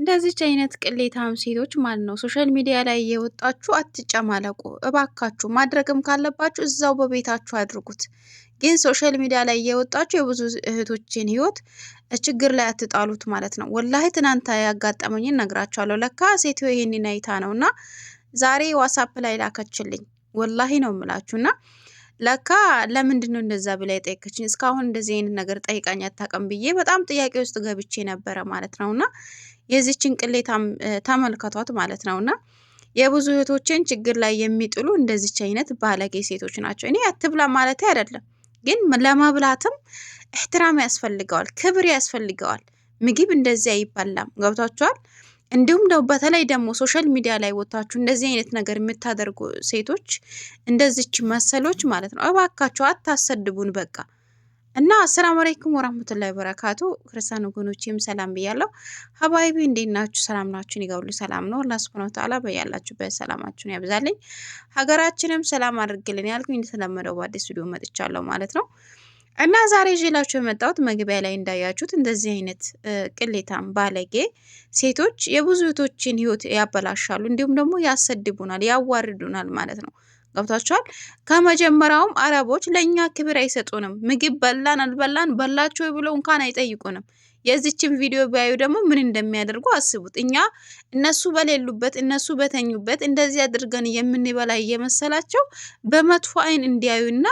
እንደዚች አይነት ቅሌታም ሴቶች ማለት ነው ሶሻል ሚዲያ ላይ እየወጣችሁ አትጨማለቁ እባካችሁ። ማድረግም ካለባችሁ እዛው በቤታችሁ አድርጉት። ግን ሶሻል ሚዲያ ላይ እየወጣችሁ የብዙ እህቶችን ህይወት ችግር ላይ አትጣሉት ማለት ነው። ወላሂ ትናንት ያጋጠመኝን ነግራችኋለሁ። ለካ ሴት ይሄንን አይታ ነው እና ዛሬ ዋሳፕ ላይ ላከችልኝ። ወላሂ ነው የምላችሁ እና ለካ ለምንድን ነው እንደዛ ብላ የጠየቀችኝ? እስካሁን እንደዚህ አይነት ነገር ጠይቃኝ አታውቅም ብዬ በጣም ጥያቄ ውስጥ ገብቼ ነበረ ማለት ነው። እና የዚችን ቅሌ ተመልከቷት ማለት ነው። እና የብዙ እህቶችን ችግር ላይ የሚጥሉ እንደዚች አይነት ባለጌ ሴቶች ናቸው። እኔ አትብላ ማለት አይደለም፣ ግን ለመብላትም እህትራም ያስፈልገዋል፣ ክብር ያስፈልገዋል። ምግብ እንደዚህ አይባላም። ገብቷችኋል? እንዲሁም ደው በተለይ ደግሞ ሶሻል ሚዲያ ላይ ወጥታችሁ እንደዚህ አይነት ነገር የምታደርጉ ሴቶች እንደዚች መሰሎች ማለት ነው፣ እባካችሁ አታሰድቡን በቃ። እና አሰላሙ አለይኩም ወራህመቱላሂ ወበረካቱ። ክርስቲያን ወገኖቼም ሰላም ብያለሁ። ሀባይቢ እንዴት ናችሁ? ሰላም ናችሁን? ይገውሉ ሰላም ነው። አላህ ሱብሃነሁ ወተዓላ በያላችሁበት ሰላማችሁን ያብዛልኝ፣ ሀገራችንም ሰላም አድርግልን ያልኩኝ እንደተለመደው በአዲስ ቪዲዮ መጥቻለሁ ማለት ነው። እና ዛሬ ይዤላችሁ የመጣሁት መግቢያ ላይ እንዳያችሁት እንደዚህ አይነት ቅሌታም ባለጌ ሴቶች የብዙ እህቶችን ህይወት ያበላሻሉ፣ እንዲሁም ደግሞ ያሰድቡናል፣ ያዋርዱናል ማለት ነው። ገብታችኋል። ከመጀመሪያውም አረቦች ለእኛ ክብር አይሰጡንም። ምግብ በላን አልበላን በላቸው ብለው እንኳን አይጠይቁንም። የዚችን ቪዲዮ ቢያዩ ደግሞ ምን እንደሚያደርጉ አስቡት። እኛ እነሱ በሌሉበት እነሱ በተኙበት እንደዚህ አድርገን የምንበላ እየመሰላቸው በመጥፎ አይን እንዲያዩና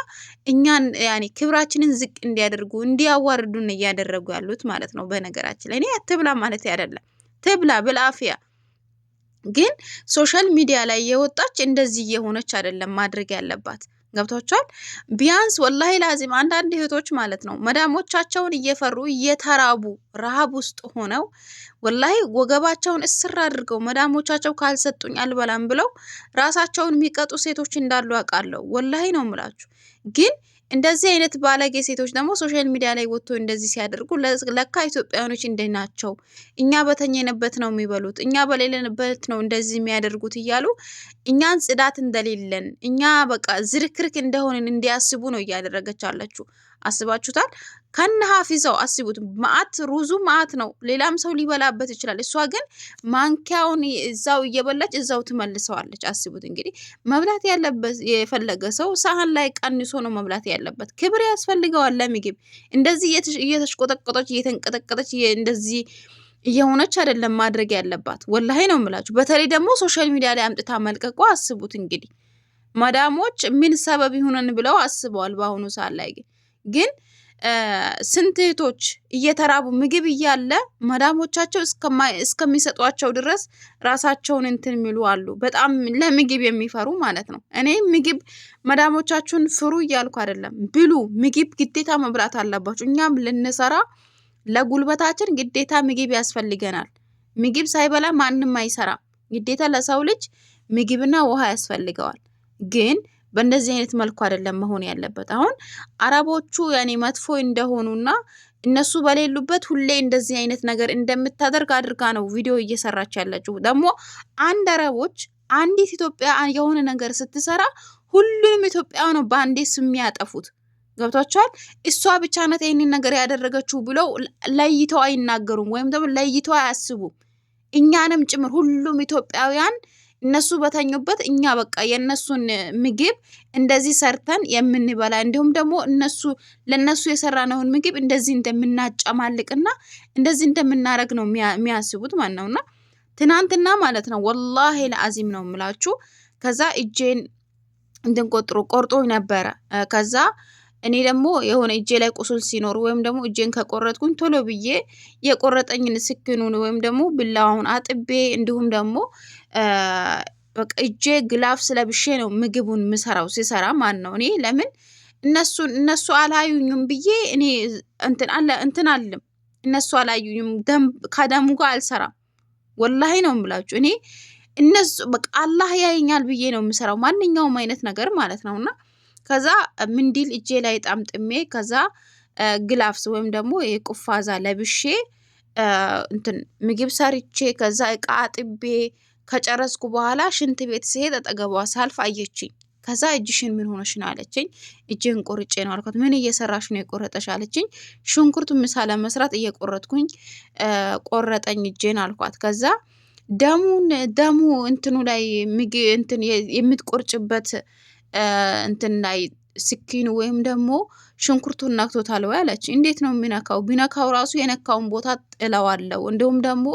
እኛን ያኔ ክብራችንን ዝቅ እንዲያደርጉ እንዲያዋርዱን እያደረጉ ያሉት ማለት ነው። በነገራችን ላይ እኔ ትብላ ማለት አይደለም፣ ትብላ ብልአፍያ ግን ሶሻል ሚዲያ ላይ የወጣች እንደዚህ የሆነች አይደለም ማድረግ ያለባት። ገብቷቸዋል። ቢያንስ ወላሂ ላዚም አንዳንድ እህቶች ማለት ነው መዳሞቻቸውን እየፈሩ እየተራቡ ረሃብ ውስጥ ሆነው ወላሂ ወገባቸውን እስር አድርገው መዳሞቻቸው ካልሰጡኝ አልበላም ብለው ራሳቸውን የሚቀጡ ሴቶች እንዳሉ አውቃለሁ። ወላሂ ነው የምላችሁ ግን እንደዚህ አይነት ባለጌ ሴቶች ደግሞ ሶሻል ሚዲያ ላይ ወጥቶ እንደዚህ ሲያደርጉ ለካ ኢትዮጵያውያኖች እንደ ናቸው፣ እኛ በተኘንበት ነው የሚበሉት፣ እኛ በሌለንበት ነው እንደዚህ የሚያደርጉት እያሉ እኛን ጽዳት እንደሌለን እኛ በቃ ዝርክርክ እንደሆንን እንዲያስቡ ነው እያደረገች አለችው። አስባችሁታል? ከነ ሀፊዛው አስቡት። ማአት ሩዙ ማአት ነው፣ ሌላም ሰው ሊበላበት ይችላል። እሷ ግን ማንኪያውን እዛው እየበላች እዛው ትመልሰዋለች። አስቡት እንግዲህ መብላት ያለበት የፈለገ ሰው ሳህን ላይ ቀንሶ ነው መብላት ያለበት። ክብር ያስፈልገዋል ለምግብ። እንደዚህ እየተሽቆጠቆጠች እየተንቀጠቀጠች እንደዚህ እየሆነች አይደለም ማድረግ ያለባት። ወላሂ ነው የምላችሁ። በተለይ ደግሞ ሶሻል ሚዲያ ላይ አምጥታ መልቀቁ አስቡት እንግዲህ መዳሞች ምን ሰበብ ይሁነን ብለው አስበዋል። በአሁኑ ሰዓት ላይ ግን ስንት እህቶች እየተራቡ ምግብ እያለ መዳሞቻቸው እስከሚሰጧቸው ድረስ ራሳቸውን እንትን የሚሉ አሉ። በጣም ለምግብ የሚፈሩ ማለት ነው። እኔ ምግብ መዳሞቻችሁን ፍሩ እያልኩ አይደለም፣ ብሉ። ምግብ ግዴታ መብላት አለባችሁ። እኛም ልንሰራ ለጉልበታችን ግዴታ ምግብ ያስፈልገናል። ምግብ ሳይበላ ማንም አይሰራም። ግዴታ ለሰው ልጅ ምግብና ውሃ ያስፈልገዋል ግን በእንደዚህ አይነት መልኩ አይደለም መሆን ያለበት። አሁን አረቦቹ ያኔ መጥፎ እንደሆኑና እነሱ በሌሉበት ሁሌ እንደዚህ አይነት ነገር እንደምታደርግ አድርጋ ነው ቪዲዮ እየሰራች ያለችው። ደግሞ አንድ አረቦች አንዲት ኢትዮጵያ የሆነ ነገር ስትሰራ ሁሉንም ኢትዮጵያ ነው በአንዴ የሚያጠፉት። ገብቷቸዋል። እሷ ብቻ ናት ይህንን ነገር ያደረገችው ብለው ለይተው አይናገሩም፣ ወይም ደግሞ ለይተው አያስቡም። እኛንም ጭምር ሁሉም ኢትዮጵያውያን እነሱ በተኙበት እኛ በቃ የእነሱን ምግብ እንደዚህ ሰርተን የምንበላ እንዲሁም ደግሞ እነሱ ለእነሱ የሰራነውን ምግብ እንደዚህ እንደምናጨማልቅና እንደዚህ እንደምናረግ ነው የሚያስቡት ማለት ነውና ትናንትና ማለት ነው ወላሂ ለአዚም ነው ምላችሁ። ከዛ እጄን እንድንቆጥሩ ቆርጦ ነበረ ከዛ እኔ ደግሞ የሆነ እጄ ላይ ቁስል ሲኖር ወይም ደግሞ እጄን ከቆረጥኩኝ ቶሎ ብዬ የቆረጠኝን ስክኑን ወይም ደግሞ ብላውን አጥቤ እንዲሁም ደግሞ በቃ እጄ ግላፍ ስለብሼ ነው ምግቡን ምሰራው ሲሰራ ማን ነው እኔ ለምን እነሱን እነሱ አላዩኝም ብዬ እኔ እንትን አለ እንትን አለም እነሱ አላዩኝም ከደሙ ጋር አልሰራም ወላሂ ነው የምላችሁ እኔ እነሱ በቃ አላህ ያየኛል ብዬ ነው የምሰራው ማንኛውም አይነት ነገር ማለት ነውና ከዛ ምንዲል እጄ ላይ ጣምጥሜ ከዛ ግላፍስ ወይም ደግሞ የቁፋዛ ለብሼ እንትን ምግብ ሰርቼ ከዛ እቃ አጥቤ ከጨረስኩ በኋላ ሽንት ቤት ስሄድ አጠገቧ ሳልፍ አየችኝ። ከዛ እጅሽን ምን ሆነሽ ነው አለችኝ። እጅህን ቆርጬ ነው አልኳት። ምን እየሰራሽ ነው የቆረጠሽ አለችኝ። ሽንኩርት ምሳ ለመስራት እየቆረጥኩኝ ቆረጠኝ እጄን አልኳት። ከዛ ደሙን ደሙ እንትኑ ላይ ምግ እንትን የምትቆርጭበት እንትን ላይ ስኪኑ ወይም ደግሞ ሽንኩርቱን ነክቶታል ወይ አለች። እንዴት ነው የሚነካው? ቢነካው ራሱ የነካውን ቦታ ጥለዋለሁ። እንዲሁም ደግሞ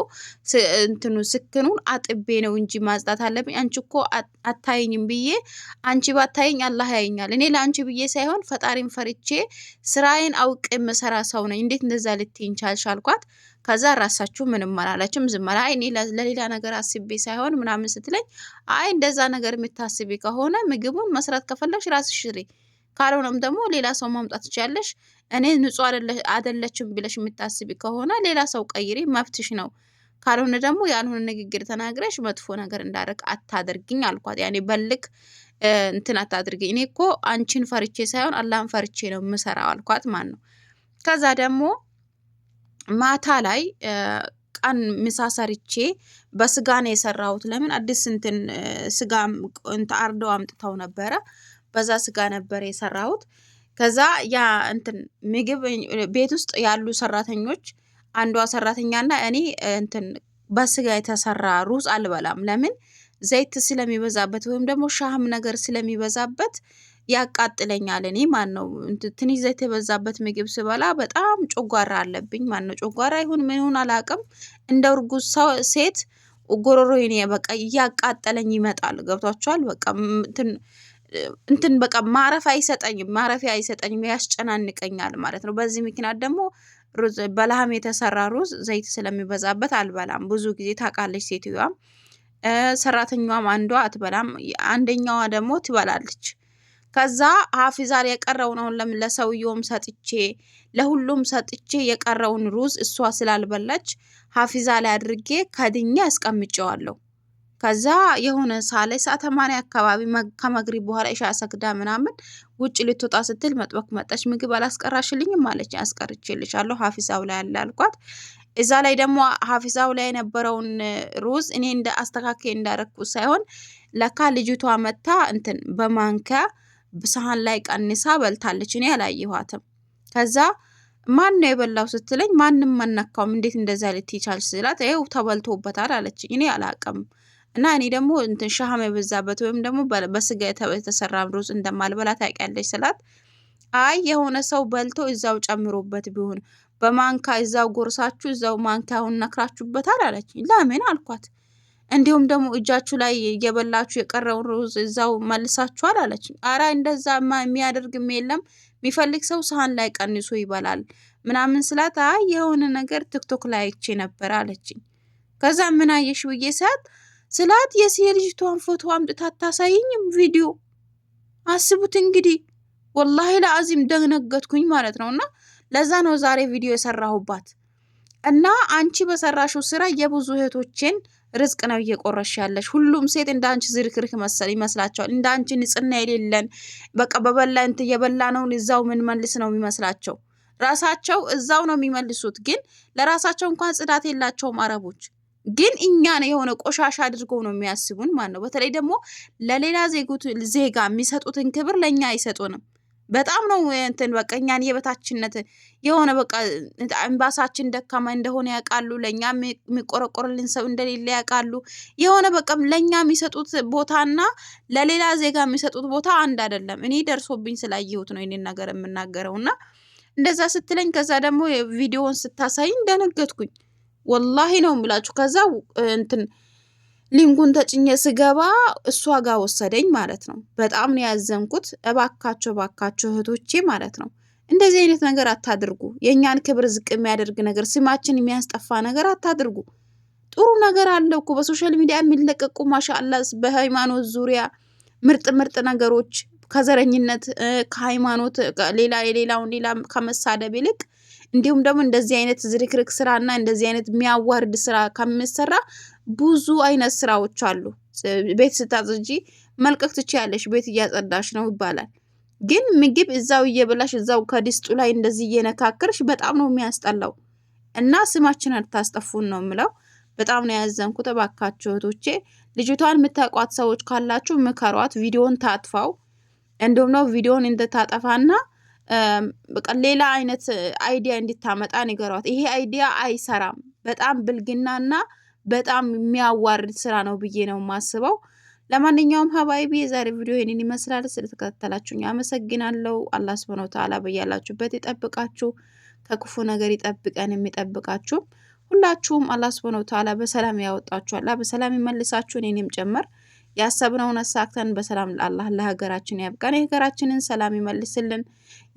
እንትኑ ስክኑን አጥቤ ነው እንጂ ማጽዳት አለብኝ። አንቺ እኮ አታይኝም ብዬ አንቺ ባታይኝ አላህ ያይኛል። እኔ ለአንቺ ብዬ ሳይሆን ፈጣሪን ፈርቼ ስራዬን አውቅ የምሰራ ሰው ነኝ። እንዴት እንደዛ ልትይኝ ቻልሽ አልኳት። ከዛ ራሳችሁ ምንም አላለችም። ዝም አለ። አይ እኔ ለሌላ ነገር አስቤ ሳይሆን ምናምን ስትለኝ፣ አይ እንደዛ ነገር የምታስቢ ከሆነ ምግቡን መስራት ከፈለግሽ ራስሽ ሽሬ ካልሆነም ደግሞ ሌላ ሰው ማምጣት ትችያለሽ። እኔ ንጹህ አይደለችም ብለሽ የምታስቢ ከሆነ ሌላ ሰው ቀይሬ መብትሽ ነው። ካልሆነ ደግሞ ያልሆነ ንግግር ተናግረሽ መጥፎ ነገር እንዳደረግ አታደርግኝ አልኳት። ያኔ በልክ እንትን አታድርግኝ። እኔ እኮ አንቺን ፈርቼ ሳይሆን አላህን ፈርቼ ነው የምሰራው አልኳት። ማን ነው ከዛ ደግሞ ማታ ላይ ቀን ምሳ ሰርቼ በስጋ ነው የሰራሁት። ለምን አዲስ እንትን ስጋ እንትን አርደው አምጥተው ነበረ በዛ ስጋ ነበር የሰራሁት። ከዛ ያ እንትን ምግብ ቤት ውስጥ ያሉ ሰራተኞች አንዷ ሰራተኛና እኔ እንትን በስጋ የተሰራ ሩዝ አልበላም። ለምን ዘይት ስለሚበዛበት ወይም ደግሞ ሻህም ነገር ስለሚበዛበት ያቃጥለኛል። እኔ ማን ነው ትንሽ ዘይት የበዛበት ምግብ ስበላ በጣም ጮጓራ አለብኝ። ማን ነው ጮጓራ ይሁን ምን ይሁን አላቅም። እንደ እርጉዝ ሰው ሴት ይኔ በቃ እያቃጠለኝ ይመጣል። ገብቷችኋል? በቃ እንትን እንትን በቃ ማረፍ አይሰጠኝም፣ ማረፊያ አይሰጠኝም፣ ያስጨናንቀኛል ማለት ነው። በዚህ ምክንያት ደግሞ ሩዝ በለሃም የተሰራ ሩዝ ዘይት ስለሚበዛበት አልበላም ብዙ ጊዜ ታውቃለች ሴትዮዋም። ሰራተኛዋም አንዷ አትበላም፣ አንደኛዋ ደግሞ ትበላለች። ከዛ ሀፊዛር የቀረውን አሁን ለምን ለሰውየውም ሰጥቼ ለሁሉም ሰጥቼ የቀረውን ሩዝ እሷ ስላልበላች ሀፊዛ ላይ አድርጌ ከድኛ አስቀምጨዋለሁ። ከዛ የሆነ ሳለ ሰዓት ተማሪ አካባቢ ከመግሪብ በኋላ ኢሻ ሰግዳ ምናምን ውጭ ልትወጣ ስትል መጥበክ መጣች። ምግብ አላስቀራሽልኝም አለች። አስቀርቼልሻለሁ ሀፊዛው ላይ አለ አልኳት። እዛ ላይ ደግሞ ሀፊዛው ላይ የነበረውን ሩዝ እኔ እንደ አስተካካይ እንዳረግኩ ሳይሆን ለካ ልጅቷ መታ እንትን በማንኪያ ሳህን ላይ ቀንሳ በልታለች። እኔ አላየኋትም። ከዛ ማን ነው የበላው ስትለኝ ማንም አነካውም እንዴት እንደዛ ልትይቻል ስላት ይኸው ተበልቶበታል አለች። እኔ አላቅም እና እኔ ደግሞ እንትን ሻሃም የበዛበት ወይም ደግሞ በስጋ የተሰራ ሩዝ እንደማልበላ ታውቂያለሽ ስላት አይ የሆነ ሰው በልቶ እዛው ጨምሮበት ቢሆን በማንካ እዛው ጎርሳችሁ እዛው ማንካውን ነክራችሁበታል አለች። ለምን አልኳት። እንዲሁም ደግሞ እጃችሁ ላይ የበላችሁ የቀረውን ሩዝ እዛው መልሳችኋል አለች። አረ እንደዛ የሚያደርግም የለም የሚፈልግ ሰው ሰሃን ላይ ቀንሶ ይበላል ምናምን ስላት አይ የሆነ ነገር ቲክቶክ ላይ አይቼ ነበር አለችኝ። ከዛ ምን አየሽ ብዬ ሰዓት ስላት የሴ ልጅቷን ፎቶ አምጥታ አታሳይኝም ቪዲዮ። አስቡት እንግዲህ ወላሂ ለአዚም ደነገጥኩኝ ማለት ነው። እና ለዛ ነው ዛሬ ቪዲዮ የሰራሁባት። እና አንቺ በሰራሽው ስራ የብዙ እህቶችን ርዝቅ ነው እየቆረሽ ያለሽ። ሁሉም ሴት እንደ አንቺ ዝርክርክ መሰል ይመስላቸዋል። እንደ አንቺ ንጽህና የሌለን በቃ በበላ እንትን እየበላ ነውን እዛው መልስ ነው የሚመስላቸው። ራሳቸው እዛው ነው የሚመልሱት፣ ግን ለራሳቸው እንኳን ጽዳት የላቸውም አረቦች። ግን እኛን የሆነ ቆሻሻ አድርገው ነው የሚያስቡን ማለት ነው። በተለይ ደግሞ ለሌላ ዜጋ የሚሰጡትን ክብር ለእኛ አይሰጡንም። በጣም ነው እንትን በቃ እኛን የበታችነት የሆነ በቃ እምባሳችን ደካማ እንደሆነ ያውቃሉ። ለእኛ የሚቆረቆርልን ሰው እንደሌለ ያውቃሉ። የሆነ በቃ ለእኛ የሚሰጡት ቦታና ለሌላ ዜጋ የሚሰጡት ቦታ አንድ አይደለም። እኔ ደርሶብኝ ስላየሁት ነው ይህንን ነገር የምናገረው እና እንደዛ ስትለኝ ከዛ ደግሞ ቪዲዮውን ስታሳይኝ ደነገጥኩኝ። ወላሂ ነው የምላችሁ። ከዛ እንትን ሊንኩን ተጭኘ ስገባ እሷ ጋር ወሰደኝ ማለት ነው። በጣም ነው ያዘንኩት። እባካችሁ እባካችሁ እህቶቼ ማለት ነው እንደዚህ አይነት ነገር አታድርጉ። የእኛን ክብር ዝቅ የሚያደርግ ነገር፣ ስማችን የሚያስጠፋ ነገር አታድርጉ። ጥሩ ነገር አለ እኮ በሶሻል ሚዲያ የሚለቀቁ ማሻላ፣ በሃይማኖት ዙሪያ ምርጥ ምርጥ ነገሮች ከዘረኝነት ከሃይማኖት ሌላ የሌላውን ሌላ ከመሳደብ ይልቅ እንዲሁም ደግሞ እንደዚህ አይነት ዝርክርክ ስራና እንደዚህ አይነት የሚያዋርድ ስራ ከምሰራ ብዙ አይነት ስራዎች አሉ። ቤት ስታጽጂ መልቀቅ ትችያለሽ፣ ቤት እያጸዳሽ ነው ይባላል። ግን ምግብ እዛው እየበላሽ እዛው ከድስጡ ላይ እንደዚህ እየነካከርሽ በጣም ነው የሚያስጠላው። እና ስማችን አታስጠፉን ነው የምለው። በጣም ነው ያዘንኩት። እባካችሁ እህቶቼ፣ ልጅቷን የምታውቋት ሰዎች ካላችሁ ምከሯት። ቪዲዮን ታጥፋው እንዲሁም ነው ቪዲዮን እንደታጠፋና በቃ ሌላ አይነት አይዲያ እንድታመጣ ንገሯት። ይሄ አይዲያ አይሰራም፣ በጣም ብልግናና በጣም የሚያዋርድ ስራ ነው ብዬ ነው የማስበው። ለማንኛውም ሀባይቢ የዛሬ ቪዲዮ ይህንን ይመስላል። ስለተከታተላችሁኝ አመሰግናለሁ። አላህ ስብሐነ ወተዓላ በያላችሁበት ይጠብቃችሁ፣ ከክፉ ነገር ይጠብቀን። የሚጠብቃችሁም ሁላችሁም አላህ ስብሐነ ወተዓላ በሰላም ያወጣችኋላ፣ በሰላም ይመልሳችሁ፣ እኔንም ጨመር ያሰብነውን አሳክተን በሰላም ለአላህ ለሀገራችን ያብቃን፣ የሀገራችንን ሰላም ይመልስልን፣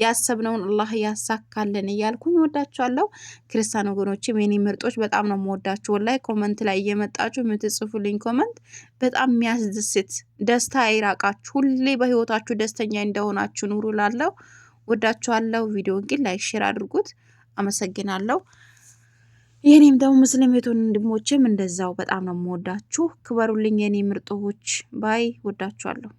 ያሰብነውን አላህ ያሳካልን እያልኩኝ ወዳችኋለሁ። ክርስቲያን ወገኖችም የኔ ምርጦች በጣም ነው የምወዳችሁ። ላይ ኮመንት ላይ እየመጣችሁ የምትጽፉልኝ ኮመንት በጣም የሚያስደስት ደስታ ይራቃችሁ። ሁሌ በህይወታችሁ ደስተኛ እንደሆናችሁ ኑሩ። ላለው ወዳችኋለሁ። ቪዲዮ ግን ላይክ፣ ሼር አድርጉት። አመሰግናለሁ። የኔም ደግሞ ሙስሊም ቤቱን ወንድሞችም እንደዛው በጣም ነው የምወዳችሁ። ክበሩልኝ የኔ ምርጦች ባይ ወዳችኋለሁ።